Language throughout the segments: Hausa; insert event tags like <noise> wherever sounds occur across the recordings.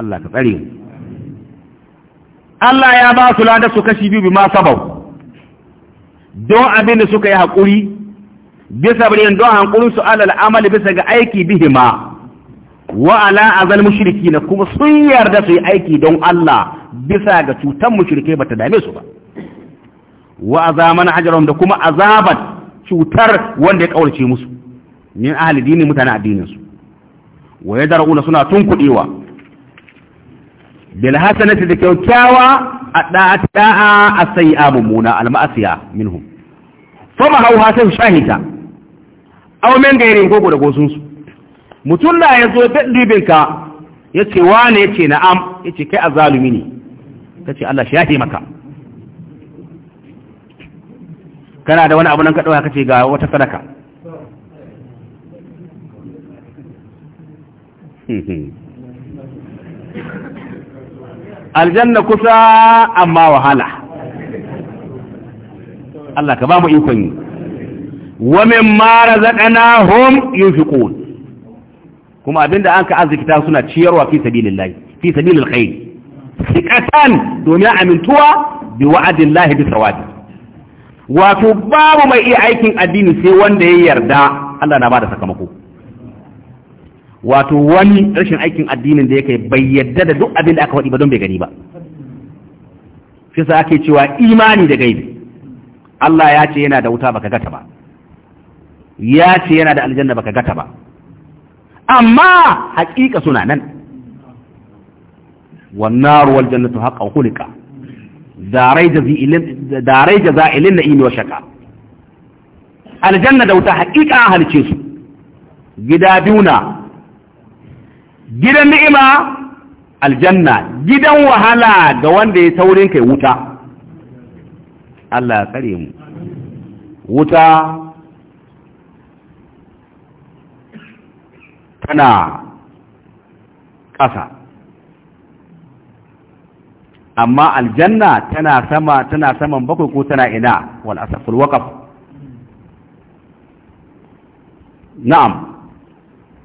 Allah ka tsare mu Allah ya ba su ladar su kashi biyu bi ma sabau don abin da suka yi haƙuri bisa bayan don hankulin su alal amali bisa ga aiki bihima wa ala azal mushriki na kuma sun yarda su yi aiki don Allah bisa ga cutan mushrike bata dame su ba wa azaman da kuma azabat cutar wanda ya kaurace musu min ahli dini mutane addinin su wa yadaruna suna tunkudewa bil hasanati da kyaukyawa a da'a da'a asai'a mumuna al ma'asiya minhum fama hauha sai shahita aw men gairin goko da gosun su mutun da yazo da dibin ka yace wane yace na'am yace kai azalumi ne kace Allah shahi maka kana da wani abu nan ka dauka kace ga wata sadaka <laughs> <laughs> aljanna kusa amma wahala Allah ka ba mu ikon yi wa mimma razaqnahum yunfiqun kuma abinda an ka suna ciyarwa fi sabilillah fi sabilil khair sikatan domin amintuwa bi wa'adillahi bi sawabi wato babu mai iya aikin addini sai wanda ya yarda Allah na bada sakamako wato wani rashin aikin addinin da yake bai yadda da duk abin da aka faɗi ba don bai gani ba shi sa ake cewa imani da gaibi Allah ya ce yana da wuta baka gata ba ya ce yana da aljanna baka gata ba amma haƙiƙa suna nan wannan ruwan jannatu haƙa hulika darai jaza'ilin na'imi wa shaka aljanna da wuta haƙiƙa halice su gida biyu na gidan ni'ima aljanna gidan wahala ga wanda ya saurin kai wuta Allah ya tsare mu wuta tana ƙasa amma aljanna tana sama tana saman bakwai ko tana ina wal asaful waqaf na'am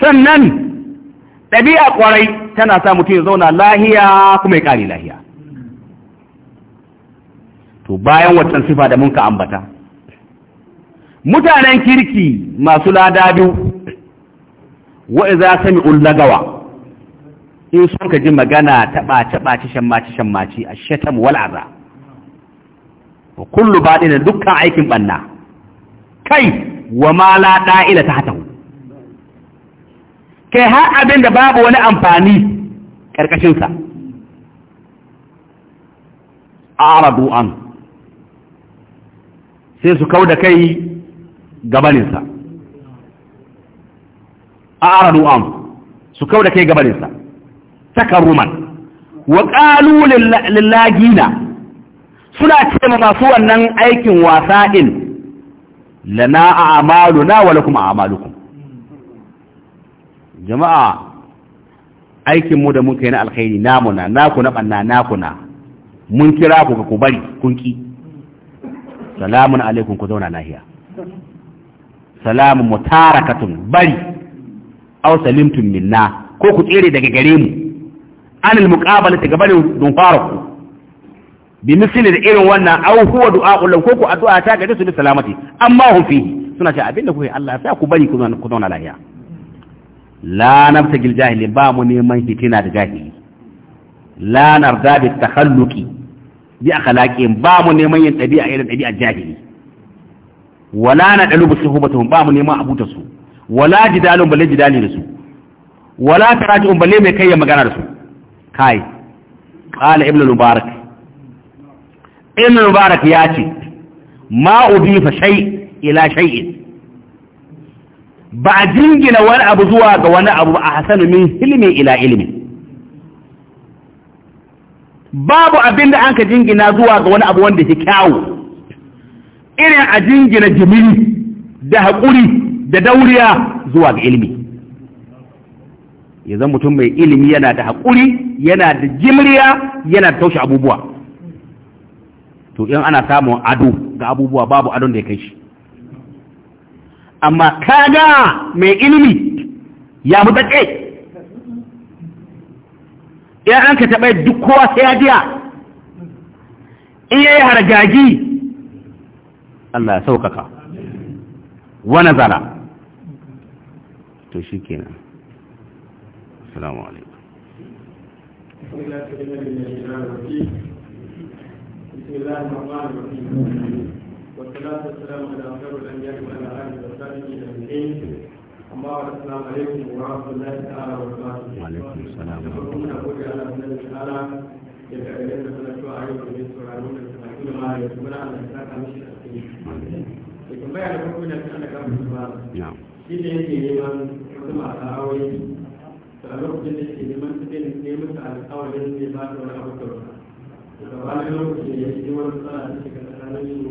sannan ɗabi'a ƙwarai tana sa mutum ya zauna lahiya kuma ya ƙari lahiya to bayan waccan sifa da mun ka ambata mutanen kirki masu lada biyu wa'iza sami ullagawa in sun ka ji magana ta ɓace-ɓace shammaci shammaci a shatam wal'aza wa kullu baɗi da dukkan aikin ɓanna kai wa ma la ɗa'ila ta hatahu kai har abin da babu wani amfani ƙarƙashinsa a arabu an sai su kau da kai gabaninsa a arabu an su kau da kai gabaninsa takaruman wa ƙalu lillagina suna ce masu wannan aikin wasa'in lana a amalu na wa lakum a amalukum jama'a aikin mu da mun kai na alkhairi namu na naku na banna naku na mun kira ku ku bari kun ki salamun alaikum ku zauna lahiya salamun mutarakatun bari aw salimtum minna ko ku tsere daga gare mu anil muqabala ta gabanin don fara ku bi misali da irin wannan aw huwa du'a lahu ko ku addu'a ta gare su da salamati amma hu fi suna ce abinda yi Allah ya sa ku bari ku zauna lahiya la nabtagil jahili ba mu neman fitina da jahili la narda bi takhalluqi bi akhlaqihim ba mu neman yin dabi'a irin dabi'a jahili wala na dalubu suhubatuhum ba mu neman abuta su wala jidalun balle jidali da su wala tarajun balle mai kai magana da su kai qala ibnu mubarak ibnu mubarak ya ce ma fa shay ila shay'in ba a jingina wani abu zuwa ga wani abu a hasanu min ilmi ila ilmi babu abin da an ka jingina zuwa ga wani abu wanda ke kyawu irin a jingina jimini, da haƙuri da dauriya zuwa ga ilmi yanzu mutum mai ilimi yana da haƙuri yana da jimriya yana da taushe abubuwa to in ana samun ado ga abubuwa babu adon da ya kai shi amma kaga mai ilimi ya mutake ya an ka taɓa duk kowa sai ya jiya in ya yi hargagi Allah ya saukaka wani zara to shi kenan salamu alaikum بسم الله والصلاة والسلام على أفضل الأنبياء وعلى آله وصحبه أجمعين أما بعد السلام عليكم ورحمة الله تعالى وبركاته. وعليكم السلام ورحمة الله وبركاته. daga ɗaya da suna cewa yau da yin sauraro da suna kuma ma ya kuma na Allah ta kama shi a cikin da kuma ya da kuma da suna kama shi ba shi ne yake neman wasu masu aure a lokacin da yake neman su ne ne musu alƙawarin ne ba su wani abu da ba da lokacin da ya yi wani tsara da shiga tsakanin su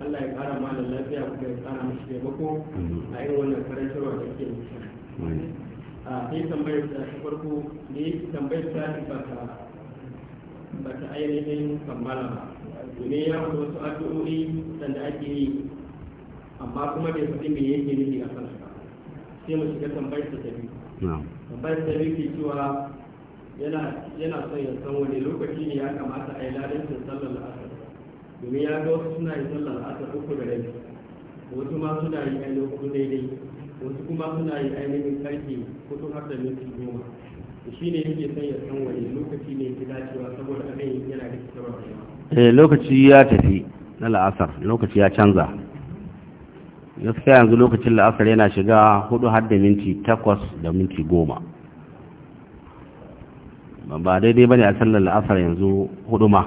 Allah ya kara da lafiya kuma ya kara mashi taimako a irin wannan karantarwa da ke mutum a sai tambayar ta ta farko ne tambayar ta ba ta ba ta ainihin kammala ba domin ya wata wasu addu'o'i da ake yi amma kuma bai faɗi me yake nufi a kan sai mu shiga tambayar ta ta biyu tambayar ta biyu ke cewa yana son ya san wani lokaci ne ya kamata a yi ladancin sallar asar domin ya ga wasu suna yi sallar asar uku da rai wasu ma suna yi ainihin hudu daidai wasu kuma suna yi ainihin karfe hudu har da minti goma shi ne yake son ya san wani lokaci ne yake dacewa saboda abin yana da kitarwa eh lokaci ya tafi na la'asar lokaci ya canza gaskiya yanzu lokacin la'asar yana shiga hudu har da minti takwas da minti goma ba daidai ba ne a sallar la'asar yanzu hudu ma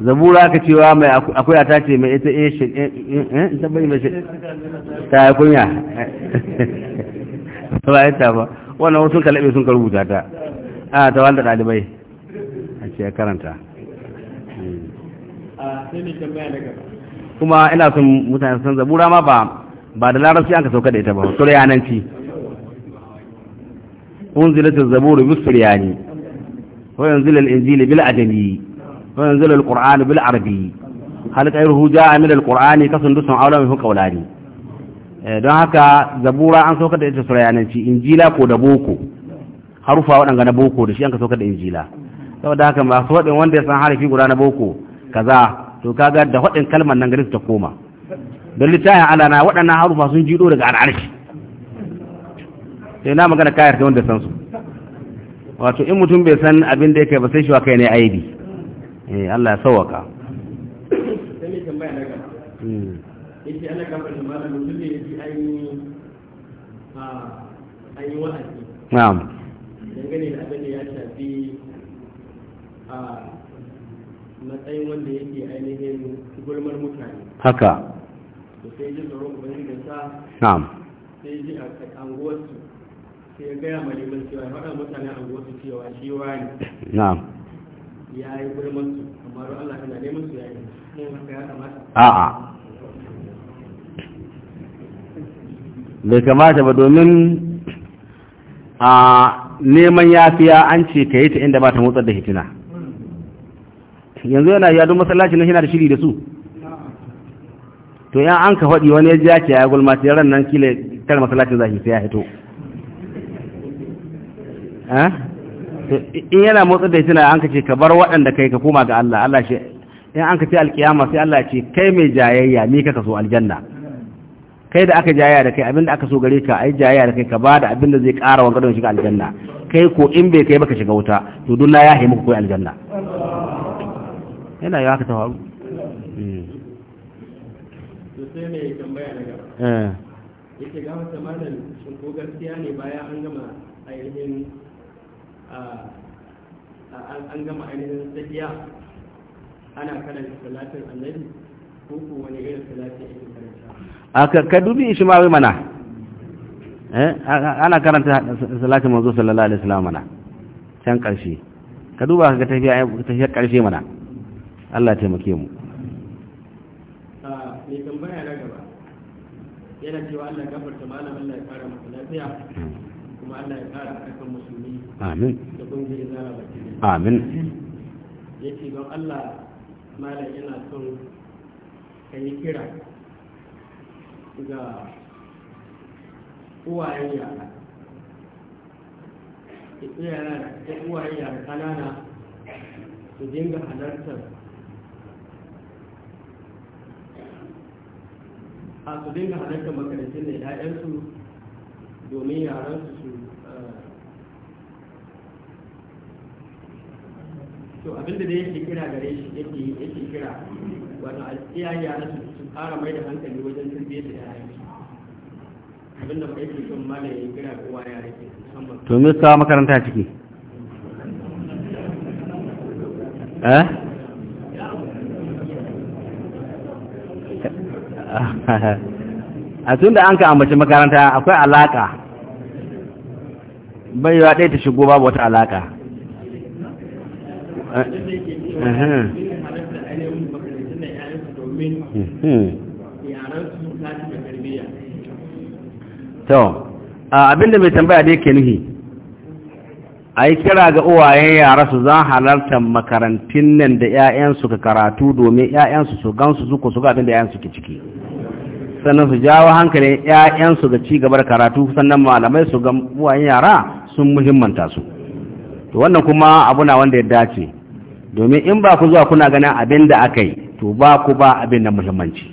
zabura ka cewa mai akwai ta ce mai ita eh, eh, eh, in bai mai ta ya kunya <laughs> ba ya ta ba wannan wasu kalabe sun karubuta ta a ta wanda ɗalibai a ce karanta kuma ina son mutane san zabura ma ba ba da larabci an ka sauka da ita ba sur yananci unzilatul zaburu bis suryani wa unzilal injilu bil ajami وينزل القرآن بالعربي هل غيره جاء من القرآن كسندس أولى من قولاني don haka zabura an saukar da ita surayananci injila ko da boko harufa waɗanga na boko da shi an ka saukar da injila saboda haka masu waɗin wanda ya san harafi guda na boko kaza to kaga da waɗin kalmar nan gari su ta koma don littafin Allah na waɗannan harufa sun jido daga al'arshi sai na magana kayar ta wanda san su wato in mutum bai san abin da yake ba sai shi wa kai ne aibi eh Allah ya sauwaka sai tambaya hmm. yace ana ne yi a an yi wa'azi na'am dangane da abin da ya shafi a matsayin wanda yake ainihin gulmar mutane haka sai ji tsoron sa na'am sai ji a anguwarsu sai ya gaya ma cewa ya faɗa mutane anguwarsu cewa shi na'am ya yi gulman su amma don Allah kana neman su ya yi mun haka a'a bai kamata ba domin a neman yafiya an ce ka yi ta inda ba ta motsar da hitina yanzu yana yadon masallacin nan yana da shiri da su to yan an ka faɗi wani ya ji ake ya gulma ta yaran nan kila kar masallacin zahi sai ya hito eh in yana motsa da tana an ka ce ka bar waɗanda kai ka koma ga Allah Allah shi in an ka ce alkiyama sai Allah ce kai mai jayayya ni kaka so aljanna kai da aka jayayya da kai abinda aka so gare ka ai jayayya da kai ka bada abinda zai ƙara wa gadon shiga aljanna kai ko in bai kai baka shiga wuta to duk na yahe muku koyi aljanna yana yawa ka ta faru sai mai tambaya daga eh. yake ga wata malam shin ko gaskiya ne bayan an gama ainihin an gama ainihin tsakiya ana karanta salatin annabi ko ko wani irin salati ake karanta aka ka dubi ma wai mana eh ana karanta salatin manzo sallallahu alaihi wasallam mana can karshe ka duba ka tafiya tafiyar karshe mana Allah ya taimake mu a mai tambaya na gaba yana cewa Allah gafarta malamin Allah ya fara masa lafiya hmm. kuma Allah ya kara ƙarfin musulmi amin da ƙungiyar zara baki amin yake don Allah malam yana son ka yi kira ga uwayen yara yara da uwayen yara ƙanana su dinga halartar a su dinga halartar makarantun da 'ya'yansu domin yaran su eh, to abinda da yake kira gare shi yake yake kira wato a yaran su su fara mai da hankali wajen tarbiyyar da yaran abinda ba yake son mala yin kira ko wa yare ke musamman to me sa makaranta ciki eh ha <laughs> ha a tun da an ka ambaci makaranta akwai alaka bai yiwa ɗaya ta shigo babu wata alaka to abinda mai tambaya dai ke nuhi a yi kira ga uwayen yara su zan halarta makarantun nan da 'ya'yansu ka karatu domin 'ya'yansu su gansu su ku su ga abinda 'ya'yansu ke ciki sannan su jawo hankalin ‘ya'yansu ga ci karatu sannan malamai su ga uwayen yara sun muhimmanta su to wannan kuma abu na wanda ya dace domin in ba ku zuwa kuna ganin abin da aka yi to ba ku ba abin da muhimmanci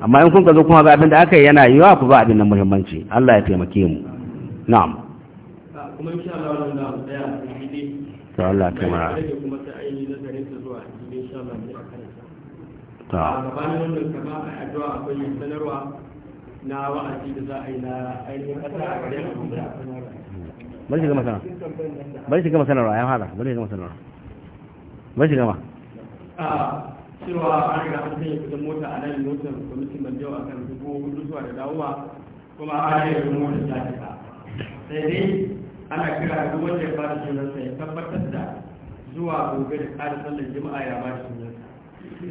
amma in kun ka zo kuma ga abin da aka yi yana yiwa ku ba abin da muhimmanci Allah ya taimake mu na'am kuma Allah a cikin a gabanin wannan kama a addu'a akwai yin sanarwa na wa'azi da za a yi na ainihin kasa a gare bari shi gama sanarwa bari shi gama sanarwa ya fara bari shi gama sanarwa bari shi gama cewa an riga an sanya kudin mota a nan motar kwamitin a kan dubu hudu zuwa da dawowa kuma yi sai dai ana kira duk wanda ya sunansa ya tabbatar da zuwa gobe da ƙarin sallar jima'a ya ba sunansa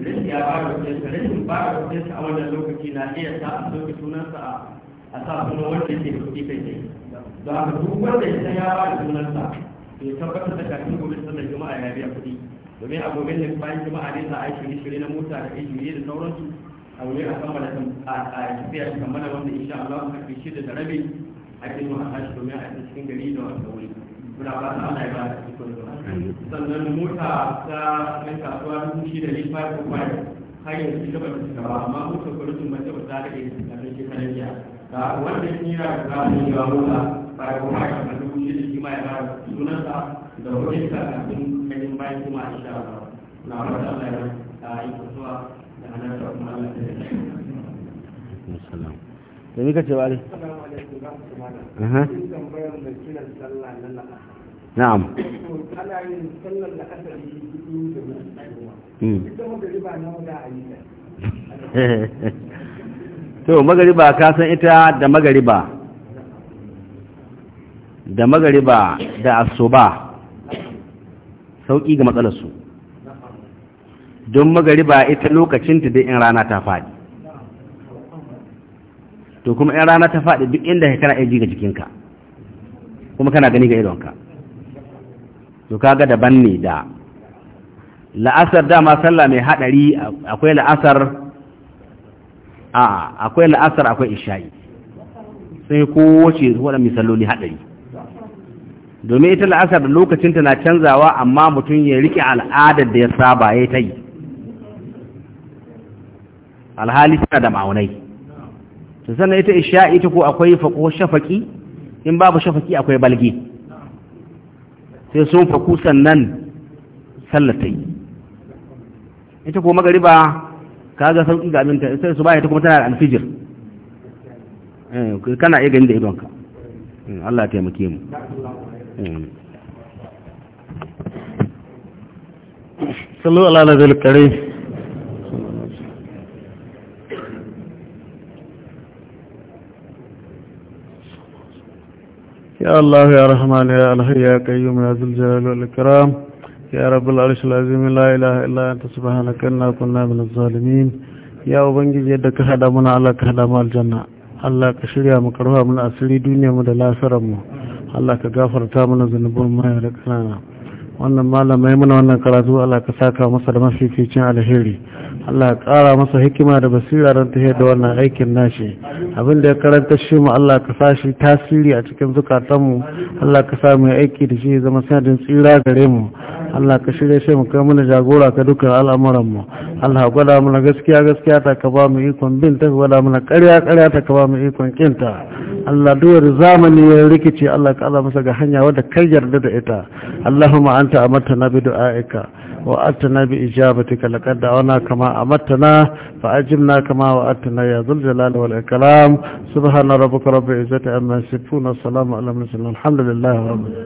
rashin ya ba da kuɗinsa rashin ba da kuɗinsa a wannan lokaci na iya sa a soke sunansa a sa sunan wanda yake kuɗi kai ne don haka duk wanda ya san ya ba da sunansa to ya tabbatar da kafin gobe sallar juma'a ya biya kuɗi domin a gobe da bayan juma'a ne za a yi shirye-shirye na mota da ajiyoyi da sauransu a wuri a kammala a tafiya shi kammala wanda insha Allah kuma fi shida da rabi ake zuwa tashi domin a cikin gari da wani wuri sannan mota ta mai kasuwa dubu shida ne five to har yanzu ta cika ba amma mota mace ba ta rage wanda shi ya ga yi mota ba ba shi ma ya sunansa da bayan kuma a ba na wata ta da ta ce ba ne? alaikum. نعم hmm. <laughs> to magariba ka san ita da magariba da asuba sauki ga matsalarsu don magariba ita lokacinta da in rana ta faɗi to kuma in rana ta faɗi duk inda ka kana aji ga jikinka kuma kana gani ga idonka to kaga daban ne da la'asar dama sallah mai hadari akwai la'asar a akwai la'asar akwai isha'i sai wace wadda misaloli hadari domin ita la'asar lokacinta na canzawa amma mutum ya rike al'adar da ya saba ya ta yi alhali tana da ma'aunai sannan ita isha'i ta ko akwai faƙo shafaƙi in babu shafaki akwai balge sai sun faku sannan sallata yi ita ko magariba ka ga sauƙi ga aminta sai su ba ita kuma tana da alfijir eh, kana iya gani da idonka eh, Allah taimake mu eh. sallu ala nabil kare يا الله يا رحمن يا الله يا قيوم يا ذو الجلال والإكرام يا رب العرش العظيم لا إله إلا أنت سبحانك إنا كنا من الظالمين يا أبنجي يدك هذا على كهذا الجنة الله كشريا مكروها من أسري دنيا من لا سرمه الله ka تامنا mana ما يركنانا وأن ما لم يمن وأن wannan الله كساكا مصر ما في da على هيري Allah ya ƙara masa hikima da basira don ta da wannan aikin nashi abin da ya karanta shi mu Allah ka sa shi tasiri a cikin zukatanmu Allah ka sa mu aiki da shi zama sanadin tsira gare mu Allah ka shirya shi mu kai mana jagora ka dukkan al'amuran mu Allah gwada mana gaskiya gaskiya ta ka ba mu ikon bin ta gwada mana ƙarya ƙarya ta ka ba mu ikon kinta Allah duwar zamani ya rikice Allah ka Allah masa ga hanya wadda kai yarda da ita Allahumma anta amatta na bi du'aika وأتنا بإجابتك لقد دعونا كما أمتنا فأجبنا كما وأتنا يا ذو الجلال والإكرام سبحان ربك رب العزة عما يصفون السلام على المرسلين الحمد لله رب العالمين